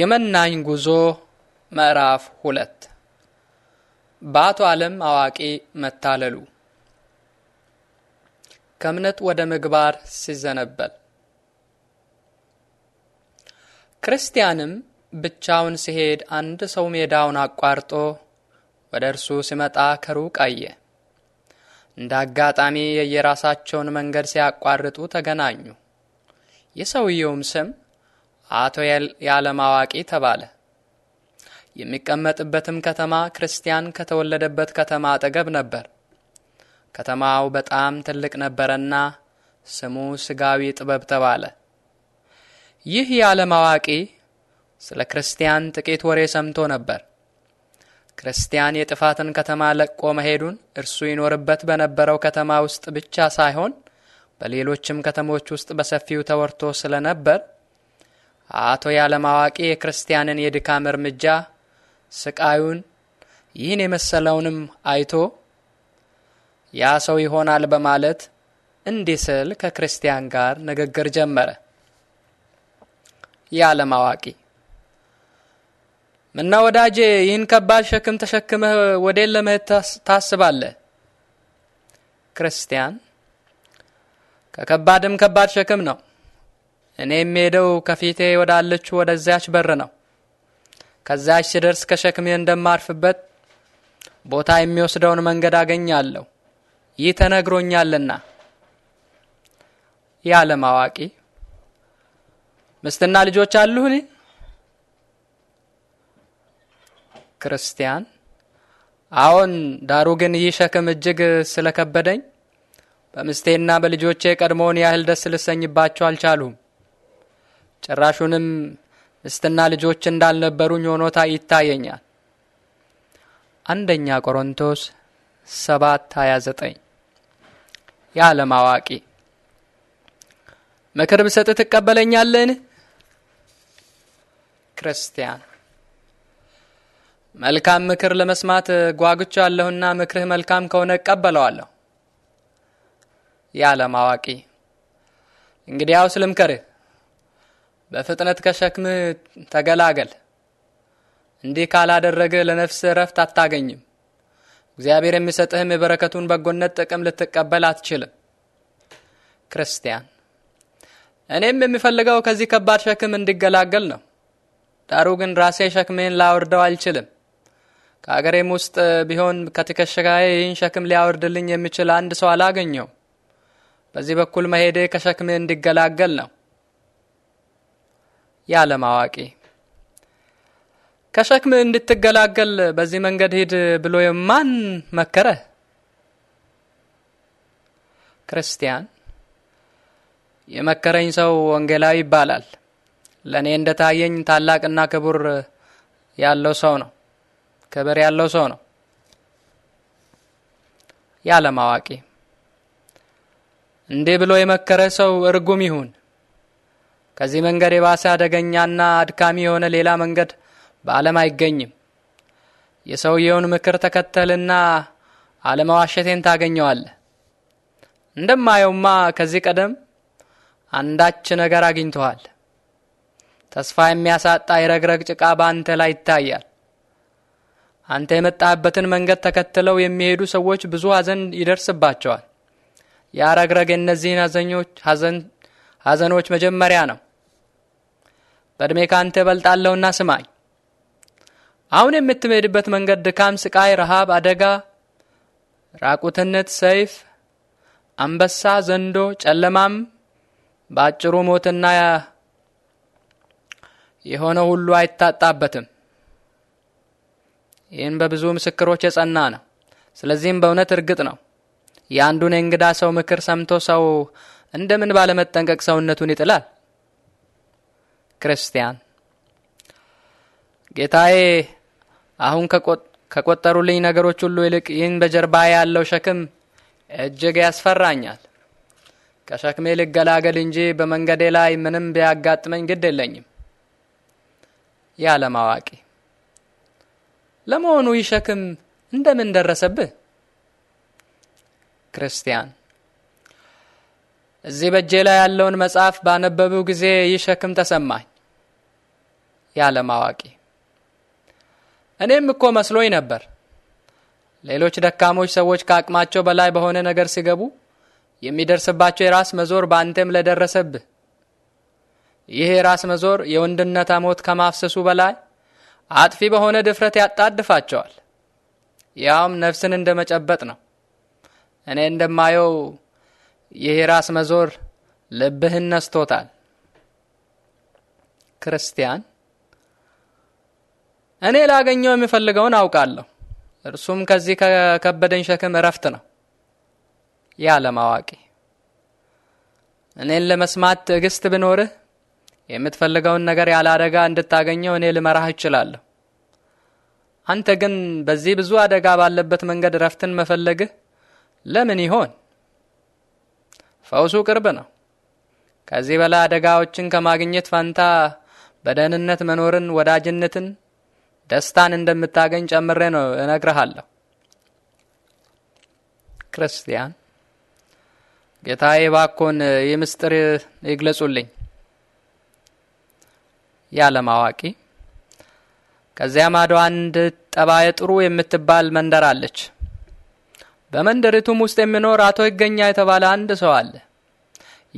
የመናኝ ጉዞ ምዕራፍ ሁለት በአቶ ዓለም አዋቂ መታለሉ ከእምነት ወደ ምግባር ሲዘነበል ክርስቲያንም ብቻውን ሲሄድ አንድ ሰው ሜዳውን አቋርጦ ወደ እርሱ ሲመጣ ከሩቅ አየ። እንደ አጋጣሚ የየራሳቸውን መንገድ ሲያቋርጡ ተገናኙ። የሰውየውም ስም አቶ ያለማዋቂ ተባለ። የሚቀመጥበትም ከተማ ክርስቲያን ከተወለደበት ከተማ አጠገብ ነበር። ከተማው በጣም ትልቅ ነበረና ስሙ ስጋዊ ጥበብ ተባለ። ይህ ያለማዋቂ ስለ ክርስቲያን ጥቂት ወሬ ሰምቶ ነበር። ክርስቲያን የጥፋትን ከተማ ለቆ መሄዱን እርሱ ይኖርበት በነበረው ከተማ ውስጥ ብቻ ሳይሆን በሌሎችም ከተሞች ውስጥ በሰፊው ተወርቶ ስለነበር አቶ ያለማዋቂ የክርስቲያንን የድካም እርምጃ ስቃዩን ይህን የመሰለውንም አይቶ ያ ሰው ይሆናል በማለት እንዲህ ስል ከክርስቲያን ጋር ንግግር ጀመረ። የዓለም ምና ወዳጄ ይህን ከባድ ሸክም ተሸክመህ ወዴ ለመሄድ ታስባለህ? ክርስቲያን ከከባድም ከባድ ሸክም ነው እኔ ሄደው ከፊቴ ወዳለችው ወደዚያች በር ነው። ከዚያች ስደርስ ከሸክሜ እንደማርፍበት ቦታ የሚወስደውን መንገድ አገኛለሁ። ይህ ተነግሮኛልና። የዓለም አዋቂ ምስትና ልጆች አሉህኒ? ክርስቲያን አዎን፣ ዳሩ ግን ይህ ሸክም እጅግ ስለከበደኝ በምስቴና በልጆቼ ቀድሞውን ያህል ደስ ልሰኝባቸው አልቻሉም። ጭራሹንም ምስትና ልጆች እንዳልነበሩኝ ሆኖታ ይታየኛል። አንደኛ ቆሮንቶስ 7 29 የዓለም አዋቂ ምክር ብሰጥህ ትቀበለኛለን? ክርስቲያን መልካም ምክር ለመስማት ጓጉቻለሁና ምክርህ መልካም ከሆነ እቀበለዋለሁ። የዓለም አዋቂ እንግዲያው ስልምከርህ በፍጥነት ከሸክም ተገላገል። እንዲህ ካላደረገ ለነፍስ እረፍት አታገኝም። እግዚአብሔር የሚሰጥህም የበረከቱን በጎነት ጥቅም ልትቀበል አትችልም። ክርስቲያን እኔም የሚፈልገው ከዚህ ከባድ ሸክም እንዲገላገል ነው። ዳሩ ግን ራሴ ሸክሜን ላወርደው አልችልም። ከአገሬም ውስጥ ቢሆን ከትከሻዬ ይህን ሸክም ሊያወርድልኝ የሚችል አንድ ሰው አላገኘው። በዚህ በኩል መሄዴ ከሸክሜ እንዲገላገል ነው። ያለማዋቂ አዋቂ ከሸክም እንድትገላገል በዚህ መንገድ ሂድ ብሎ የማን መከረ? ክርስቲያን የመከረኝ ሰው ወንጌላዊ ይባላል። ለእኔ እንደ ታየኝ ታላቅና ክቡር ያለው ሰው ነው። ክብር ያለው ሰው ነው። የዓለም አዋቂ እንዲህ ብሎ የመከረ ሰው እርጉም ይሁን። ከዚህ መንገድ የባሰ አደገኛና አድካሚ የሆነ ሌላ መንገድ በዓለም አይገኝም። የሰውየውን ምክር ተከተልና አለመዋሸቴን ታገኘዋለ። እንደማየውማ ከዚህ ቀደም አንዳች ነገር አግኝተዋል። ተስፋ የሚያሳጣ የረግረግ ጭቃ በአንተ ላይ ይታያል። አንተ የመጣህበትን መንገድ ተከትለው የሚሄዱ ሰዎች ብዙ ሐዘን ይደርስባቸዋል። ያ ረግረግ የእነዚህን ሐዘኞች ሐዘን ሐዘኖች መጀመሪያ ነው። በእድሜ ካንተ እበልጣለሁና ስማኝ። አሁን የምትሄድበት መንገድ ድካም፣ ስቃይ፣ ረሃብ፣ አደጋ፣ ራቁትነት፣ ሰይፍ፣ አንበሳ፣ ዘንዶ፣ ጨለማም፣ በአጭሩ ሞትና የሆነ ሁሉ አይታጣበትም። ይህን በብዙ ምስክሮች የጸና ነው። ስለዚህም በእውነት እርግጥ ነው። የአንዱን የእንግዳ ሰው ምክር ሰምቶ ሰው እንደምን ባለመጠንቀቅ ሰውነቱን ይጥላል? ክርስቲያን ጌታዬ አሁን ከቆጠሩልኝ ነገሮች ሁሉ ይልቅ ይህን በጀርባ ያለው ሸክም እጅግ ያስፈራኛል። ከሸክሜ ልገላገል እንጂ በመንገዴ ላይ ምንም ቢያጋጥመኝ ግድ የለኝም። ያለማዋቂ ለመሆኑ ይህ ሸክም እንደምን ደረሰብህ? ክርስቲያን እዚህ በእጄ ላይ ያለውን መጽሐፍ ባነበቡ ጊዜ ይህ ሸክም ተሰማኝ። የዓለም አዋቂ እኔም እኮ መስሎኝ ነበር። ሌሎች ደካሞች ሰዎች ከአቅማቸው በላይ በሆነ ነገር ሲገቡ የሚደርስባቸው የራስ መዞር በአንተም ለደረሰብህ ይህ የራስ መዞር የወንድነት ሞት ከማፍሰሱ በላይ አጥፊ በሆነ ድፍረት ያጣድፋቸዋል። ያውም ነፍስን እንደ መጨበጥ ነው። እኔ እንደማየው ይህ ራስ መዞር ልብህን ነስቶታል። ክርስቲያን እኔ ላገኘው የሚፈልገውን አውቃለሁ፣ እርሱም ከዚህ ከከበደኝ ሸክም እረፍት ነው። ያለማዋቂ እኔን ለመስማት ትዕግስት ብኖርህ የምትፈልገውን ነገር ያለ አደጋ እንድታገኘው እኔ ልመራህ እችላለሁ። አንተ ግን በዚህ ብዙ አደጋ ባለበት መንገድ እረፍትን መፈለግህ ለምን ይሆን? ፈውሱ ቅርብ ነው። ከዚህ በላይ አደጋዎችን ከማግኘት ፋንታ በደህንነት መኖርን፣ ወዳጅነትን፣ ደስታን እንደምታገኝ ጨምሬ ነው እነግረሃለሁ። ክርስቲያን ጌታዬ ባኮን ይህ ምስጢር ይግለጹልኝ። የዓለም አዋቂ ከዚያ ማዶ አንድ ጠባየ ጥሩ የምትባል መንደር አለች። በመንደሪቱም ውስጥ የሚኖር አቶ ይገኛ የተባለ አንድ ሰው አለ።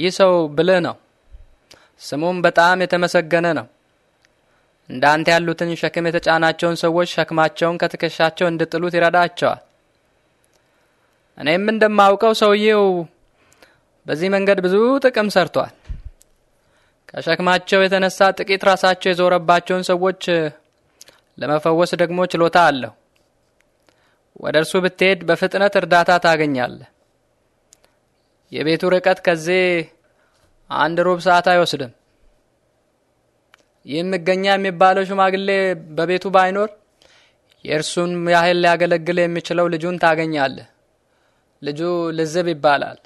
ይህ ሰው ብልህ ነው፣ ስሙም በጣም የተመሰገነ ነው። እንዳንተ ያሉትን ሸክም የተጫናቸውን ሰዎች ሸክማቸውን ከትከሻቸው እንድጥሉት ይረዳቸዋል። እኔም እንደማውቀው ሰውዬው በዚህ መንገድ ብዙ ጥቅም ሰርቷል። ከሸክማቸው የተነሳ ጥቂት ራሳቸው የዞረባቸውን ሰዎች ለመፈወስ ደግሞ ችሎታ አለው። ወደ እርሱ ብትሄድ በፍጥነት እርዳታ ታገኛለህ። የቤቱ ርቀት ከዚህ አንድ ሩብ ሰዓት አይወስድም። ይህም ምገኛ የሚባለው ሽማግሌ በቤቱ ባይኖር የእርሱን ያህል ሊያገለግል የሚችለው ልጁን ታገኛለህ። ልጁ ልዝብ ይባላል።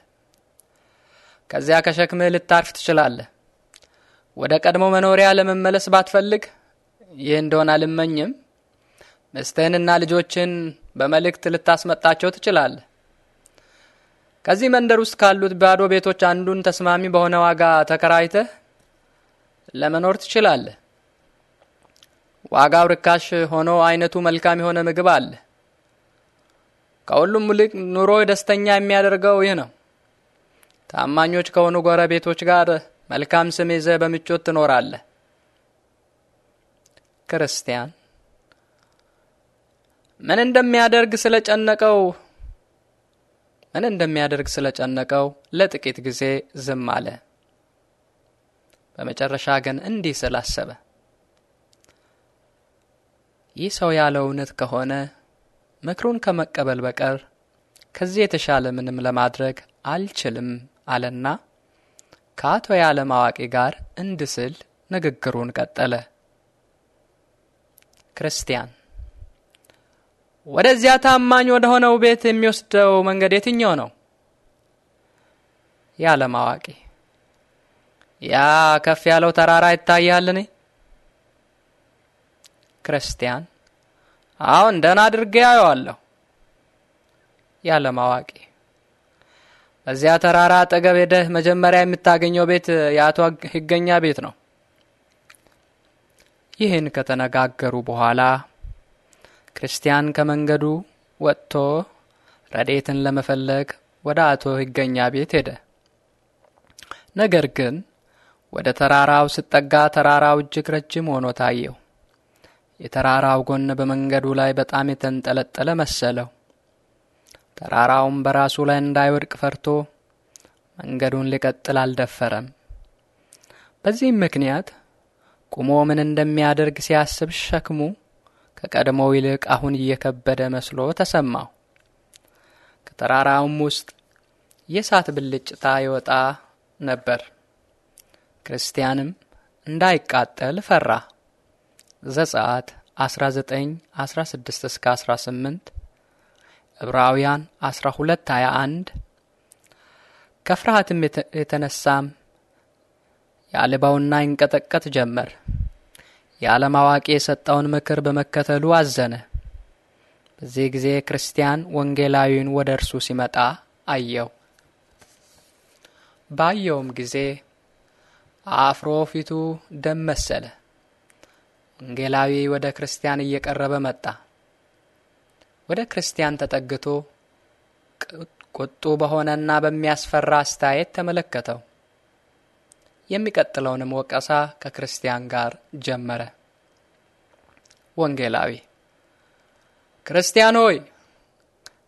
ከዚያ ከሸክምህ ልታርፍ ትችላለህ። ወደ ቀድሞ መኖሪያ ለመመለስ ባትፈልግ ይህ እንደሆነ አልመኝም። ምስትህንና ልጆችን በመልእክት ልታስመጣቸው ትችላለህ። ከዚህ መንደር ውስጥ ካሉት ባዶ ቤቶች አንዱን ተስማሚ በሆነ ዋጋ ተከራይተህ ለመኖር ትችላለህ። ዋጋው ርካሽ ሆኖ አይነቱ መልካም የሆነ ምግብ አለ። ከሁሉም ይልቅ ኑሮ ደስተኛ የሚያደርገው ይህ ነው። ታማኞች ከሆኑ ጎረቤቶች ጋር መልካም ስም ይዘህ በምቾት ትኖራለህ። ክርስቲያን ምን እንደሚያደርግ ስለጨነቀው ምን እንደሚያደርግ ስለጨነቀው ለጥቂት ጊዜ ዝም አለ። በመጨረሻ ግን እንዲህ አሰበ። ይህ ሰው ያለው እውነት ከሆነ ምክሩን ከመቀበል በቀር ከዚህ የተሻለ ምንም ለማድረግ አልችልም አለና ከአቶ የዓለም አዋቂ ጋር እንድስል ስል ንግግሩን ቀጠለ። ክርስቲያን ወደዚያ ታማኝ ወደ ሆነው ቤት የሚወስደው መንገድ የትኛው ነው? የዓለም አዋቂ ያ ከፍ ያለው ተራራ ይታያልን? ክርስቲያን አሁን ደህና አድርጌ ያየዋለሁ። የዓለም አዋቂ በዚያ ተራራ አጠገብ ሄደህ መጀመሪያ የምታገኘው ቤት የአቶ ህገኛ ቤት ነው። ይህን ከተነጋገሩ በኋላ ክርስቲያን ከመንገዱ ወጥቶ ረዴትን ለመፈለግ ወደ አቶ ህገኛ ቤት ሄደ። ነገር ግን ወደ ተራራው ስጠጋ ተራራው እጅግ ረጅም ሆኖ ታየው። የተራራው ጎን በመንገዱ ላይ በጣም የተንጠለጠለ መሰለው። ተራራውም በራሱ ላይ እንዳይወድቅ ፈርቶ መንገዱን ሊቀጥል አልደፈረም። በዚህም ምክንያት ቁሞ ምን እንደሚያደርግ ሲያስብ ሸክሙ ከቀድሞው ይልቅ አሁን እየከበደ መስሎ ተሰማው። ከተራራውም ውስጥ የእሳት ብልጭታ ይወጣ ነበር። ክርስቲያንም እንዳይቃጠል ፈራ። ዘጸአት 19 16 እስከ 18 ዕብራውያን 12 21 ከፍርሃትም የተነሳም የአልባውና ይንቀጠቀጥ ጀመር። የዓለም አዋቂ የሰጠውን ምክር በመከተሉ አዘነ። በዚህ ጊዜ ክርስቲያን ወንጌላዊውን ወደ እርሱ ሲመጣ አየው። ባየውም ጊዜ አፍሮ ፊቱ ደም መሰለ። ወንጌላዊ ወደ ክርስቲያን እየቀረበ መጣ። ወደ ክርስቲያን ተጠግቶ ቁጡ በሆነና በሚያስፈራ አስተያየት ተመለከተው። የሚቀጥለውንም ወቀሳ ከክርስቲያን ጋር ጀመረ። ወንጌላዊ ክርስቲያን ሆይ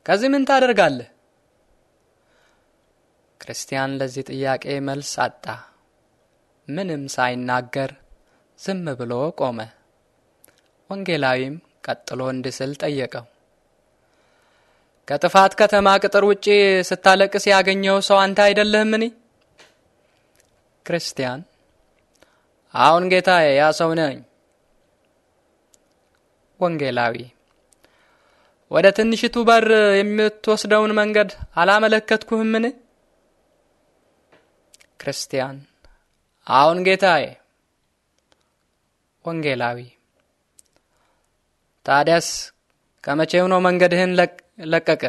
ከዚህ ምን ታደርጋለህ? ክርስቲያን ለዚህ ጥያቄ መልስ አጣ። ምንም ሳይናገር ዝም ብሎ ቆመ። ወንጌላዊም ቀጥሎ ስል ጠየቀው። ከጥፋት ከተማ ቅጥር ውጪ ስታለቅስ ያገኘው ሰው አንተ አይደለህምን? ክርስቲያን አሁን ጌታዬ ያ ሰው ነኝ። ወንጌላዊ ወደ ትንሽቱ በር የምትወስደውን መንገድ አላመለከትኩህምን? ክርስቲያን አሁን ጌታዬ። ወንጌላዊ ታዲያስ ከመቼ ሆኖ መንገድህን ለቀቀ?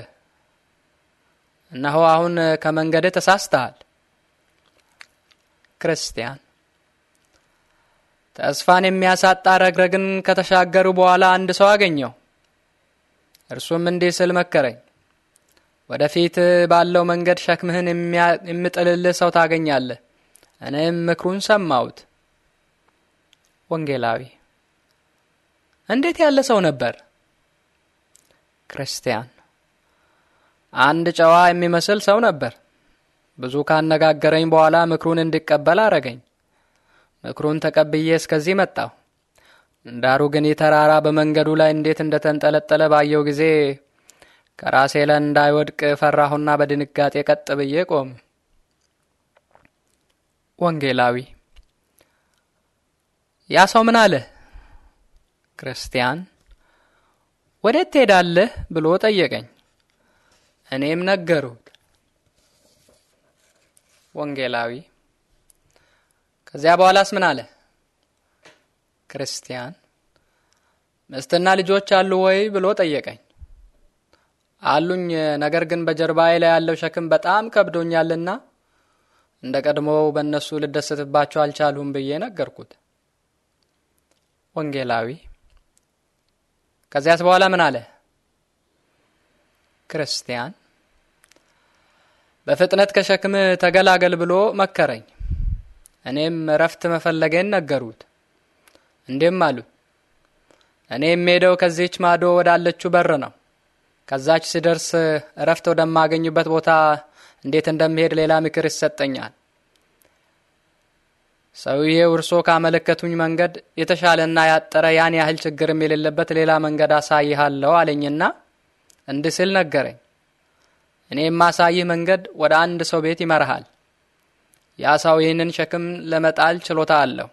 እነሆ አሁን ከመንገድህ ተሳስተሃል። ክርስቲያን ተስፋን የሚያሳጣ ረግረግን ከተሻገሩ በኋላ አንድ ሰው አገኘው። እርሱም እንዲህ ስል መከረኝ፣ ወደፊት ባለው መንገድ ሸክምህን የምጥልልህ ሰው ታገኛለህ። እኔም ምክሩን ሰማሁት። ወንጌላዊ እንዴት ያለ ሰው ነበር? ክርስቲያን አንድ ጨዋ የሚመስል ሰው ነበር። ብዙ ካነጋገረኝ በኋላ ምክሩን እንዲቀበል አረገኝ። ምክሩን ተቀብዬ እስከዚህ መጣሁ። ዳሩ ግን የተራራ ተራራ በመንገዱ ላይ እንዴት እንደተንጠለጠለ ባየው ጊዜ ከራሴ ለ እንዳይወድቅ ፈራሁና በድንጋጤ ቀጥ ብዬ ቆም። ወንጌላዊ ያ ሰው ምን አለ? ክርስቲያን ወዴት ትሄዳለህ ብሎ ጠየቀኝ። እኔም ነገሩ ወንጌላዊ። ከዚያ በኋላስ ምን አለ? ክርስቲያን ምስትና ልጆች አሉ ወይ ብሎ ጠየቀኝ። አሉኝ፣ ነገር ግን በጀርባዬ ላይ ያለው ሸክም በጣም ከብዶኛልና እንደ ቀድሞው በእነሱ ልደሰትባቸው አልቻልሁም ብዬ ነገርኩት። ወንጌላዊ ከዚያስ በኋላ ምን አለ? ክርስቲያን በፍጥነት ከሸክም ተገላገል ብሎ መከረኝ። እኔም እረፍት መፈለገን ነገሩት። እንዲህም አሉ፣ እኔ የምሄደው ከዚች ማዶ ወዳለችው በር ነው። ከዛች ሲደርስ እረፍት ወደማገኝበት ቦታ እንዴት እንደምሄድ ሌላ ምክር ይሰጠኛል። ሰውዬው እርሶ ካመለከቱኝ መንገድ የተሻለና ያጠረ ያን ያህል ችግርም የሌለበት ሌላ መንገድ አሳይሃለሁ አለኝና እንዲህ ሲል ነገረኝ። እኔ የማሳይህ መንገድ ወደ አንድ ሰው ቤት ይመራሃል። ያ ሰው ይህንን ሸክም ለመጣል ችሎታ አለው።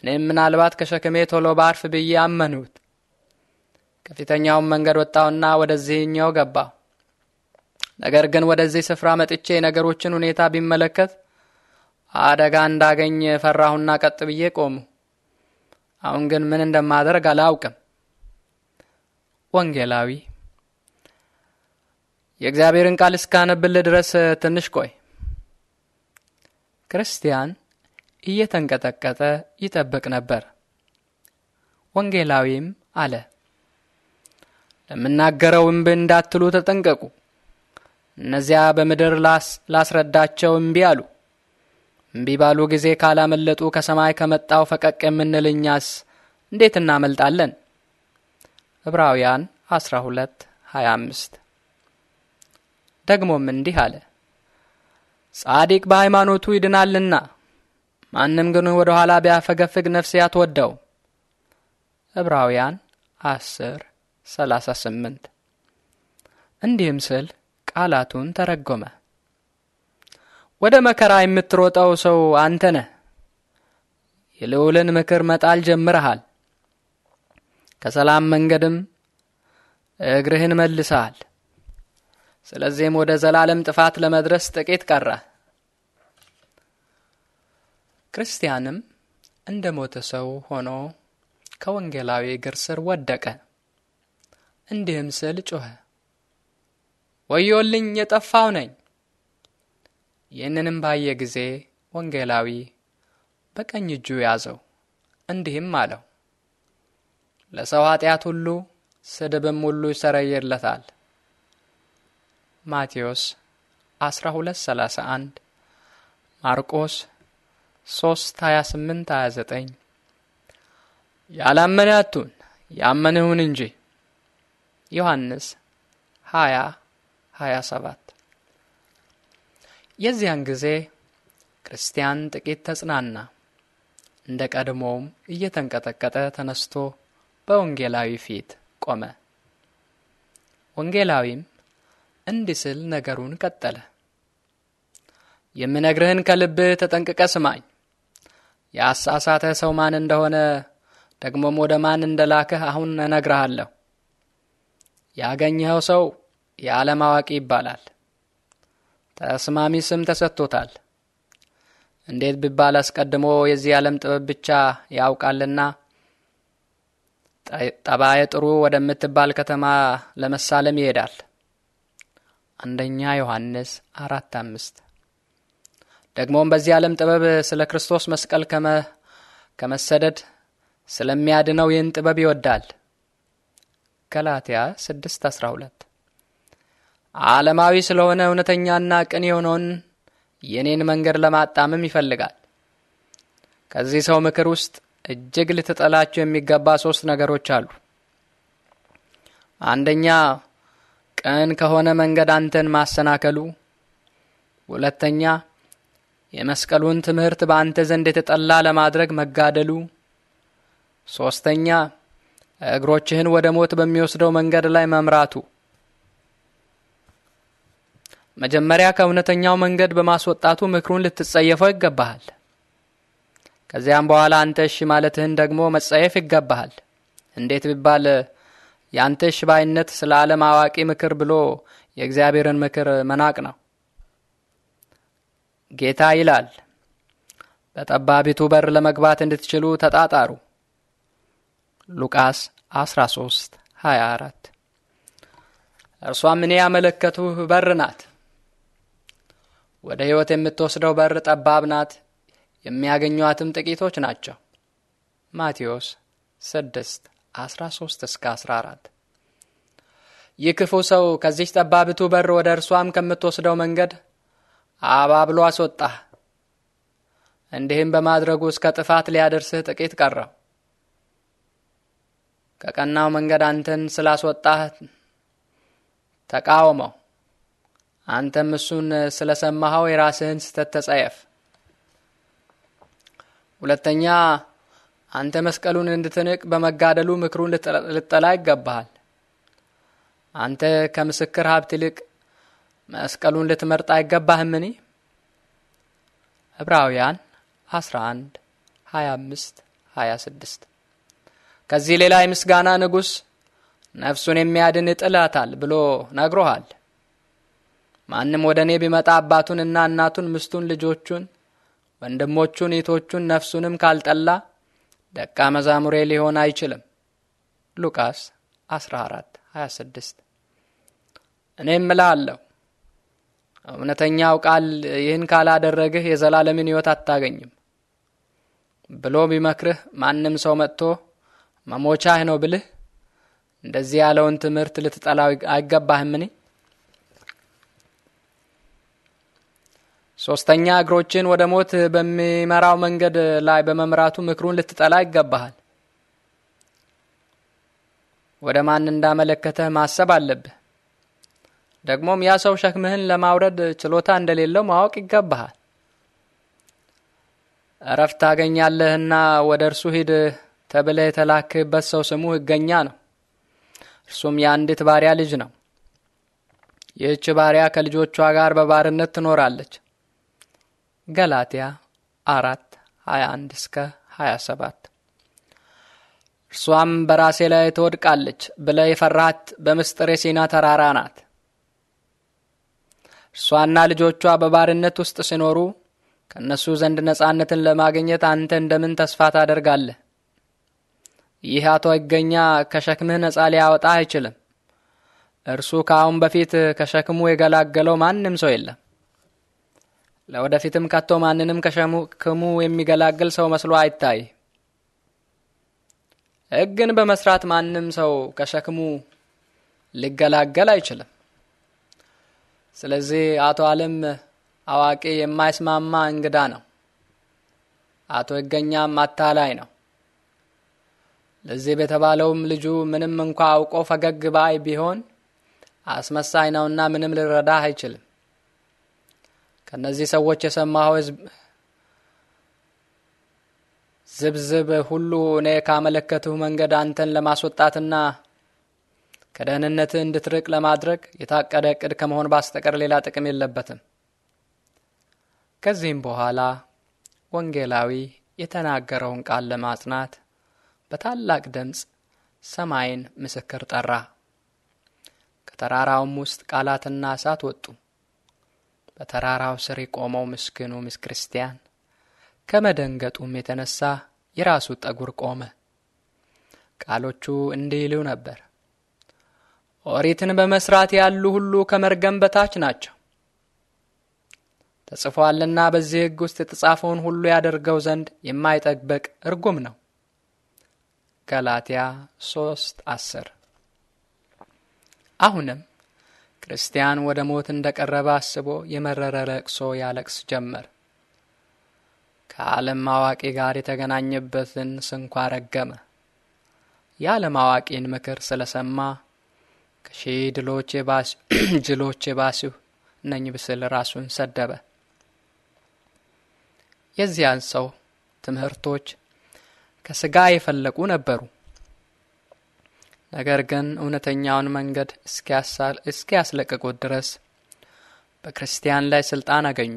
እኔም ምናልባት ከሸክሜ ቶሎ ባርፍ ብዬ አመኑት። ከፊተኛውም መንገድ ወጣውና ወደዚህኛው ገባ። ነገር ግን ወደዚህ ስፍራ መጥቼ የነገሮችን ሁኔታ ቢመለከት አደጋ እንዳገኝ ፈራሁና ቀጥ ብዬ ቆሙ። አሁን ግን ምን እንደማደርግ አላውቅም። ወንጌላዊ የእግዚአብሔርን ቃል እስካነብል ድረስ ትንሽ ቆይ። ክርስቲያን እየተንቀጠቀጠ ይጠብቅ ነበር። ወንጌላዊም አለ፣ ለምናገረው እምቢ እንዳትሉ ተጠንቀቁ። እነዚያ በምድር ላስረዳቸው እምቢ አሉ። እምቢ ባሉ ጊዜ ካላመለጡ ከሰማይ ከመጣው ፈቀቅ የምንል እኛስ እንዴት እናመልጣለን? ዕብራውያን 12 25 ደግሞም እንዲህ አለ፣ ጻድቅ በሃይማኖቱ ይድናልና ማንም ግን ወደ ኋላ ቢያፈገፍግ ነፍሴ አትወደው። ዕብራውያን 10 38 እንዲህም ስል ቃላቱን ተረጎመ። ወደ መከራ የምትሮጠው ሰው አንተ ነህ። የልዑልን ምክር መጣል ጀምረሃል፣ ከሰላም መንገድም እግርህን መልሰሃል። ስለዚህም ወደ ዘላለም ጥፋት ለመድረስ ጥቂት ቀረ። ክርስቲያንም እንደ ሞተ ሰው ሆኖ ከወንጌላዊ እግር ስር ወደቀ። እንዲህም ስል ጮኸ፣ ወዮልኝ የጠፋው ነኝ። ይህንንም ባየ ጊዜ ወንጌላዊ በቀኝ እጁ ያዘው፣ እንዲህም አለው፣ ለሰው ኃጢአት ሁሉ ስድብም ሁሉ ይሰረይለታል። ማቴዎስ 1231 ማርቆስ 328 29 ያላመነ አቱን ያመነውን እንጂ። ዮሐንስ 20:27 27 የዚያን ጊዜ ክርስቲያን ጥቂት ተጽናና፣ እንደ ቀድሞውም እየተንቀጠቀጠ ተነስቶ በወንጌላዊ ፊት ቆመ። ወንጌላዊም እንዲህ ስል ነገሩን ቀጠለ። የምነግርህን ከልብህ ተጠንቅቀ ስማኝ። የአሳሳተህ ሰው ማን እንደሆነ ደግሞም ወደ ማን እንደላከህ አሁን እነግርሃለሁ። ያገኘኸው ሰው የዓለም አዋቂ ይባላል። ተስማሚ ስም ተሰጥቶታል። እንዴት ቢባል አስቀድሞ የዚህ ዓለም ጥበብ ብቻ ያውቃልና ጠባየ ጥሩ ወደምትባል ከተማ ለመሳለም ይሄዳል። አንደኛ ዮሐንስ አራት አምስት ደግሞም በዚህ ዓለም ጥበብ ስለ ክርስቶስ መስቀል ከመሰደድ ስለሚያድነው ይህን ጥበብ ይወዳል። ገላትያ 6:12 ዓለማዊ ስለሆነ እውነተኛና ቅን የሆነውን የእኔን መንገድ ለማጣምም ይፈልጋል። ከዚህ ሰው ምክር ውስጥ እጅግ ልትጠላቸው የሚገባ ሶስት ነገሮች አሉ። አንደኛ ቀን ከሆነ መንገድ አንተን ማሰናከሉ፣ ሁለተኛ የመስቀሉን ትምህርት በአንተ ዘንድ የተጠላ ለማድረግ መጋደሉ፣ ሶስተኛ እግሮችህን ወደ ሞት በሚወስደው መንገድ ላይ መምራቱ መጀመሪያ ከእውነተኛው መንገድ በማስወጣቱ ምክሩን ልትጸየፈው ይገባሃል። ከዚያም በኋላ አንተ እሺ ማለትህን ደግሞ መጸየፍ ይገባሃል። እንዴት ቢባል ያንተ ሽባይነት ስለ ዓለም አዋቂ ምክር ብሎ የእግዚአብሔርን ምክር መናቅ ነው። ጌታ ይላል በጠባቢቱ በር ለመግባት እንድትችሉ ተጣጣሩ። ሉቃስ 13 24 እርሷም እኔ ያመለከቱህ በር ናት። ወደ ሕይወት የምትወስደው በር ጠባብ ናት፣ የሚያገኟትም ጥቂቶች ናቸው። ማቴዎስ 6 13 እስከ 14 ይህ ክፉ ሰው ከዚች ጠባብቱ በር ወደ እርሷም ከምትወስደው መንገድ አባብሎ አስወጣህ። እንዲህም በማድረጉ እስከ ጥፋት ሊያደርስህ ጥቂት ቀረው። ከቀናው መንገድ አንተን ስላስወጣህ ተቃወመው። አንተም እሱን ስለሰማኸው የራስህን ስተት ተጸየፍ። ሁለተኛ አንተ መስቀሉን እንድትንቅ በመጋደሉ ምክሩን ልጠላ ይገባሃል። አንተ ከምስክር ሀብት ይልቅ መስቀሉን ልትመርጥ አይገባህምኒ ዕብራውያን 11 25 26 ከዚህ ሌላ የምስጋና ንጉሥ ነፍሱን የሚያድን ይጥላታል ብሎ ነግሮሃል። ማንም ወደ እኔ ቢመጣ አባቱንና እናቱን፣ ምስቱን ልጆቹን፣ ወንድሞቹን፣ እህቶቹን ነፍሱንም ካልጠላ ደቀ መዛሙሬ ሊሆን አይችልም። ሉቃስ 14 26 እኔም እልሃለሁ እውነተኛው ቃል ይህን ካላደረግህ የዘላለምን ሕይወት አታገኝም ብሎ ቢመክርህ ማንም ሰው መጥቶ መሞቻህ ነው ብልህ እንደዚህ ያለውን ትምህርት ልትጠላው አይገባህምኔ? ሶስተኛ እግሮችን ወደ ሞት በሚመራው መንገድ ላይ በመምራቱ ምክሩን ልትጠላ ይገባሃል። ወደ ማን እንዳመለከተህ ማሰብ አለብህ። ደግሞም ያ ሰው ሸክምህን ለማውረድ ችሎታ እንደሌለው ማወቅ ይገባሃል። እረፍት ታገኛለህና ወደ እርሱ ሂድ ተብለህ የተላክህበት ሰው ስሙ ሕገኛ ነው። እርሱም የአንዲት ባሪያ ልጅ ነው። ይህች ባሪያ ከልጆቿ ጋር በባርነት ትኖራለች። ገላትያ አራት 21 እስከ 27 እርሷም በራሴ ላይ ትወድቃለች ብለ የፈራሃት በምስጢር የሲና ተራራ ናት። እርሷና ልጆቿ በባርነት ውስጥ ሲኖሩ ከእነሱ ዘንድ ነጻነትን ለማግኘት አንተ እንደምን ተስፋ ታደርጋለህ? ይህ አቶ ይገኛ ከሸክምህ ነጻ ሊያወጣ አይችልም። እርሱ ከአሁን በፊት ከሸክሙ የገላገለው ማንም ሰው የለም። ለወደፊትም ከቶ ማንንም ከሸክሙ የሚገላግል ሰው መስሎ አይታይ። ሕግን በመስራት ማንም ሰው ከሸክሙ ሊገላገል አይችልም። ስለዚህ አቶ አለም አዋቂ የማይስማማ እንግዳ ነው። አቶ ህገኛም አታላይ ነው። ለዚህ በተባለውም ልጁ ምንም እንኳ አውቆ ፈገግ ባይ ቢሆን አስመሳይ ነውና ምንም ሊረዳህ አይችልም። ከእነዚህ ሰዎች የሰማኸው ህዝብ ዝብዝብ ሁሉ እኔ ካመለከትሁ መንገድ አንተን ለማስወጣትና ከደህንነትህ እንድትርቅ ለማድረግ የታቀደ እቅድ ከመሆን ባስተቀር ሌላ ጥቅም የለበትም። ከዚህም በኋላ ወንጌላዊ የተናገረውን ቃል ለማጽናት በታላቅ ድምፅ ሰማይን ምስክር ጠራ። ከተራራውም ውስጥ ቃላትና እሳት ወጡ። በተራራው ስር የቆመው ምስኪኑ ክርስቲያን ከመደንገጡም የተነሳ የራሱ ጠጉር ቆመ። ቃሎቹ እንዲህ ይሉ ነበር፣ ኦሪትን በመስራት ያሉ ሁሉ ከመርገም በታች ናቸው ተጽፏልና በዚህ ሕግ ውስጥ የተጻፈውን ሁሉ ያደርገው ዘንድ የማይጠበቅ እርጉም ነው። ገላትያ ሶስት አስር አሁንም ክርስቲያን ወደ ሞት እንደ ቀረበ አስቦ የመረረ ለቅሶ ያለቅስ ጀመር። ከዓለም አዋቂ ጋር የተገናኘበትን ስንኳ ረገመ። የዓለም አዋቂን ምክር ስለሰማ ከሺ ጅሎች የባስሁ ነኝ ብስል ራሱን ሰደበ። የዚያን ሰው ትምህርቶች ከስጋ የፈለቁ ነበሩ። ነገር ግን እውነተኛውን መንገድ እስኪያስለቅቁት ድረስ በክርስቲያን ላይ ስልጣን አገኙ።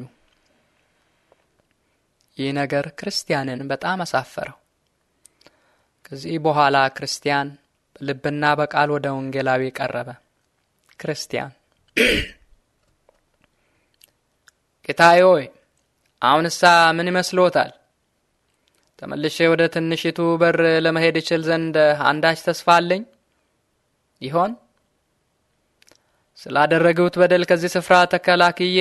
ይህ ነገር ክርስቲያንን በጣም አሳፈረው። ከዚህ በኋላ ክርስቲያን በልብና በቃል ወደ ወንጌላዊ ቀረበ። ክርስቲያን ጌታዬ ሆይ አሁንሳ ምን ይመስሎታል? ተመልሼ ወደ ትንሽቱ በር ለመሄድ ይችል ዘንድ አንዳች ተስፋ አለኝ? ይሆን? ስላደረገውት በደል ከዚህ ስፍራ ተከላክዬ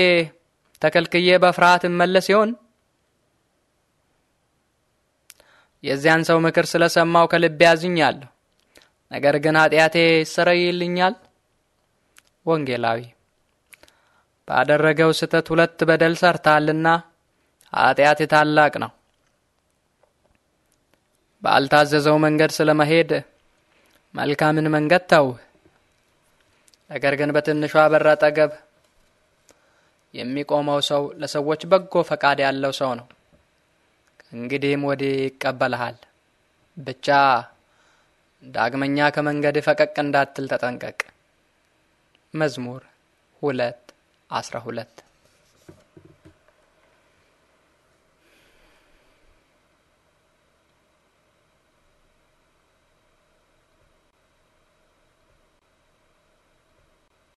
ተከልክዬ በፍርሃት እመለስ ይሆን? የዚያን ሰው ምክር ስለሰማው ከልቤ ያዝኛለሁ። ነገር ግን ኃጢአቴ ይሰረይልኛል። ወንጌላዊ ባደረገው ስህተት ሁለት በደል ሰርታልና ኃጢአቴ ታላቅ ነው። ባልታዘዘው መንገድ ስለ መሄድ መልካምን መንገድ ተውህ፣ ነገር ግን በትንሿ በር አጠገብ የሚቆመው ሰው ለሰዎች በጎ ፈቃድ ያለው ሰው ነው። ከእንግዲህም ወዲህ ይቀበልሃል። ብቻ ዳግመኛ ከመንገድህ ፈቀቅ እንዳትል ተጠንቀቅ። መዝሙር ሁለት አስራ ሁለት